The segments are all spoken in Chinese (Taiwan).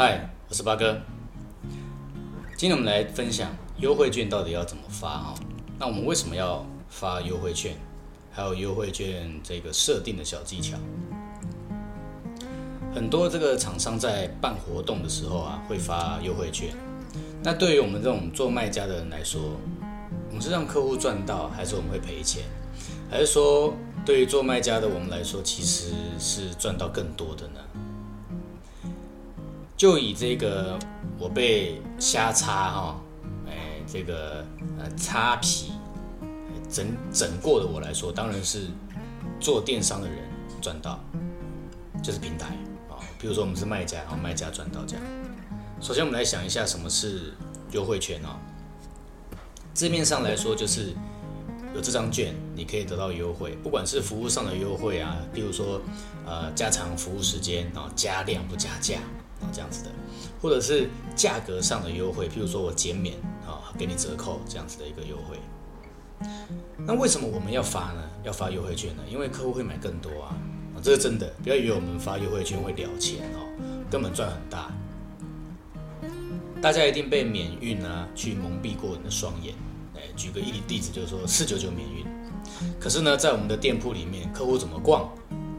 嗨，我是巴哥。今天我們來分享優惠券到底要怎麼發哈？那我們為什麼要發優惠券？還有優惠券這個設定的小技巧。很多這個廠商在辦活動的時候啊，會發優惠券。那對於我們這種做賣家的人來說，我們是讓客戶賺到，還是我們會賠錢？還是說，對於做賣家的我們來說，其實是賺到更多的呢？就以這個我被瞎擦哈，哎、欸，這個呃擦皮整整過的我來說，當然是做電商的人賺到，就是平台啊。比如說我們是賣家，然後賣家賺到這樣。首先我們來想一下什麼是優惠券哦。字面上來說就是有這張券，你可以得到優惠，不管是服務上的優惠啊，比如說呃加長服務時間，加量不加價。啊，這樣子的，或者是價格上的優惠，譬如說我減免啊、喔，給你折扣這樣子的一個優惠。那為什麼我們要發呢？要發優惠券呢？因為客戶會買更多啊，這是真的。不要以為我們發優惠券會了錢哦、喔，根本賺很大。大家一定被免運呢、啊，去蒙蔽過你的雙眼、欸。舉個一例子，就是說四九九免運，可是呢，在我們的店鋪裡面，客戶怎麼逛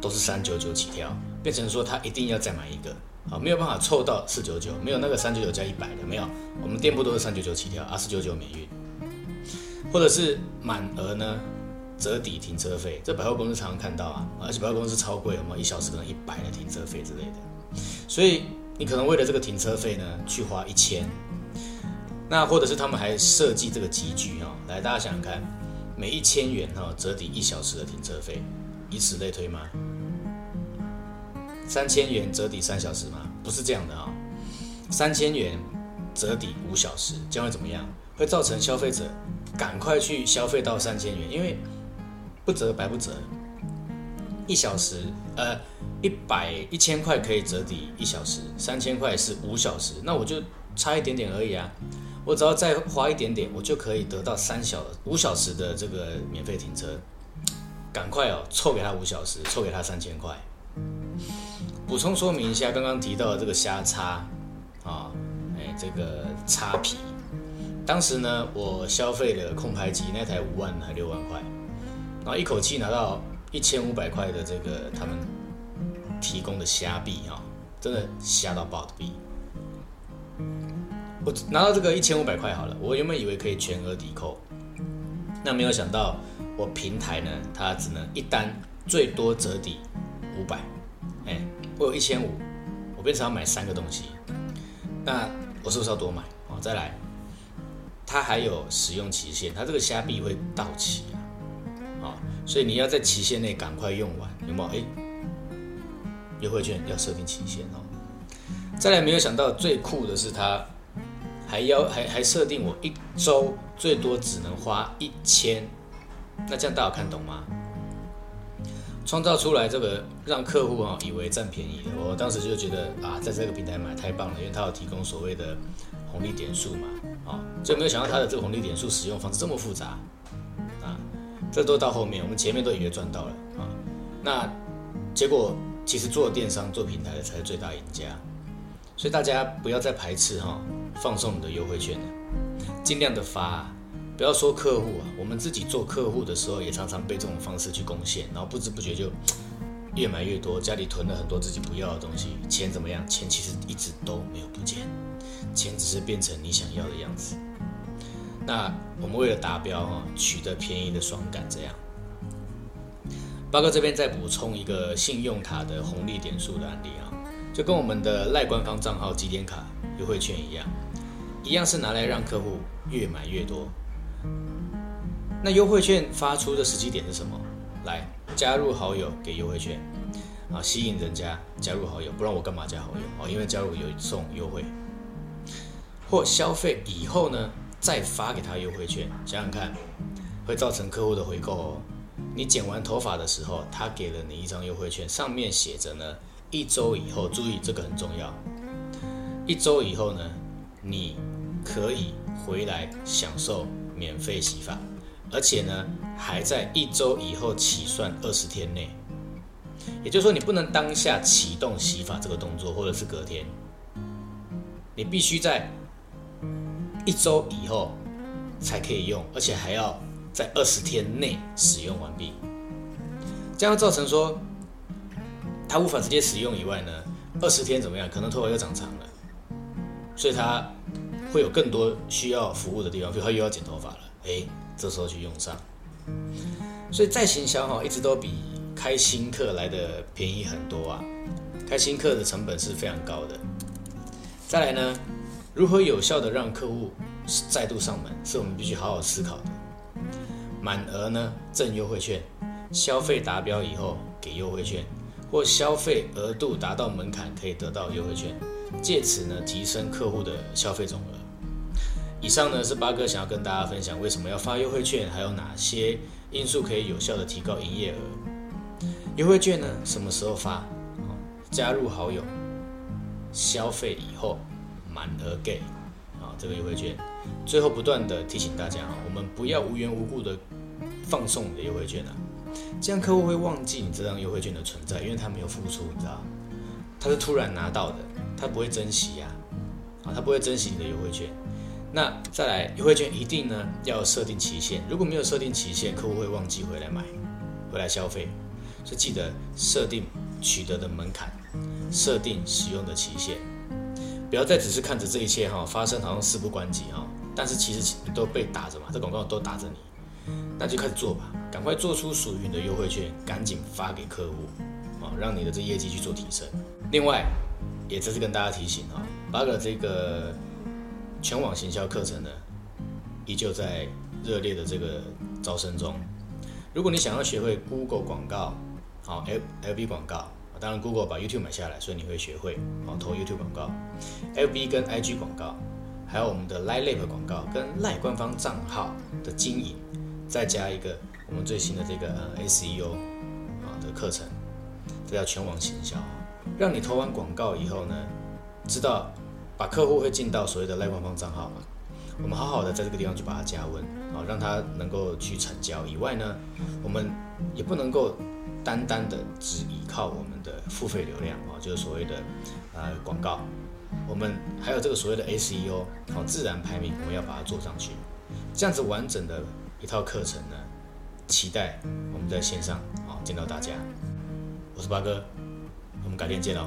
都是三九九起跳，變成說他一定要再買一個。好，沒有辦法湊到四九九，沒有那個三九九加一百的，沒有。我們店鋪都是三九九起跳，而四九九免運，或者是滿額呢，折抵停車費，這百貨公司常常看到啊，而且百貨公司超貴，我們一小時可能一百的停車費之類的，所以你可能為了這個停車費呢，去花一千，那或者是他們還設計這個級距哈，來大家想想看，每一千元哈、哦、折抵一小時的停車費，以此類推嗎？三千元折抵三小時嗎？不是這樣的啊、喔，三千元折抵五小時將會怎麼樣？會造成消費者趕快去消費到三千元，因為不折白不折。一小時，呃，一百一千塊可以折抵一小時，三千塊是五小時，那我就差一點點而已啊，我只要再花一點點，我就可以得到三小五小時的這個免費停車。趕快哦、喔，湊給他五小時，湊給他三千塊。補充說明一下，剛剛提到的這個蝦叉，啊，哎，這個叉皮。當時呢，我消費了空拍機那台五萬還六萬塊，然後一口氣拿到一千五百塊的這個他們提供的蝦幣，哈，真的蝦到爆的幣。我拿到這個一千五百塊好了，我原本以為可以全額抵扣，那沒有想到我平台呢，它只能一單最多折抵五百。我有一千五，我變成要買三個東西，那我是不是要多買？哦，再來，它還有使用期限，它這個蝦幣會到期啊、哦，所以你要在期限內趕快用完，有沒有？哎、欸，優惠券要設定期限哦。再來，沒有想到最酷的是它還要還還設定我一周最多只能花一千，那這樣大家有看懂嗎？創造出來這個讓客戶啊以為佔便宜，我當時就覺得啊，在這個平台買太棒了，因為它有提供所謂的紅利點數嘛，啊，所以沒有想到它的這個紅利點數使用方式這麼複雜，啊，這都到後面，我們前面都以為賺到了啊，那結果其實做電商做平台的才是最大贏家，所以大家不要再排斥哈、啊，放送你的優惠券，盡量的發。不要說客戶啊，我們自己做客戶的時候，也常常被這種方式去攻陷，然後不知不覺就越買越多，家裡囤了很多自己不要的東西。錢怎麼樣？錢其實一直都沒有不見，錢只是變成你想要的樣子。那我們為了達標、啊、取得便宜的爽感，這樣。巴哥這邊再補充一個信用卡的紅利點數的案例啊，就跟我們的 LINE 官方賬號集點卡優惠券一樣，一樣是拿來讓客戶越買越多。那優惠券發出的時機點是什麼？來加入好友給優惠券啊，吸引人家加入好友，不然我幹嘛加好友哦，因為加入有送優惠，或消費以後呢，再發給他優惠券。想想看，會造成客戶的回購哦。你剪完頭髮的時候，他給了你一張優惠券，上面寫着呢，一週以後注意，這個很重要。一週以後呢，你。可以回來享受免費洗髮，而且呢，還在一周以後起算二十天內。也就是說，你不能當下啟動洗髮這個動作，或者是隔天，你必須在一周以後才可以用，而且還要在二十天內使用完畢。這樣造成說，他無法直接使用以外呢，二十天怎麼樣？可能頭髮又長長了，所以他。會有更多需要服務的地方，比如他又要剪頭髮了，哎，這時候去用上，所以再行銷哈，一直都比開新客來得便宜很多啊。開新客的成本是非常高的。再來呢，如何有效的讓客戶再度上門，是我們必須好好思考的。滿額呢贈優惠券，消費達標以後給優惠券，或消費額度達到門檻可以得到優惠券，借此呢提升客戶的消費總額。以上呢，是巴哥想要跟大家分享為什麼要發優惠券，還有哪些因素可以有效的提高營業額？優惠券呢什麼時候發、哦，加入好友、消費以後、滿額給啊、哦、這個優惠券。最後不斷的提醒大家、哦、我們不要無緣無故的放送你的優惠券啊，這樣客戶會忘記你這張優惠券的存在，因為他沒有付出，你知道？他是突然拿到的，他不會珍惜呀啊，他、哦、不會珍惜你的優惠券。那再來優惠券一定呢要設定期限，如果沒有設定期限，客戶會忘記回來買，回來消費，所以記得設定取得的門檻，設定使用的期限，不要再只是看着這一切哈發生好像事不關己哈，但是其實都被打着嘛，這廣告都打着你，那就開始做吧，趕快做出屬於你的優惠券，趕緊發給客戶，啊，讓你的這業績去做提升。另外，也再次跟大家提醒哈，巴哥這個。全網行銷課程呢，依舊在熱烈的這個招生中。如果你想要學會 Google 廣告，好 FB 廣告，當然 Google 把 YouTube 買下來，所以你會學會好投 YouTube 廣告，FB 跟 I G 廣告，還有我們的 LINE 廣告跟賴官方賬號的經營，再加一個我們最新的這個 S E O 啊的課程，這叫全網行銷，讓你投完廣告以後呢，知道。把客戶會進到所謂的 LINE 官方賬號嘛，我們好好的在這個地方去把它加溫，啊，讓它能夠去成交。以外呢，我們也不能夠單單的只依靠我們的付費流量，啊，就是所謂的呃廣告，我們還有這個所謂的 SEO，好自然排名，我們要把它做上去。這樣子完整的一套課程呢，期待我們在線上啊見到大家。我是巴哥，我們改天見哦。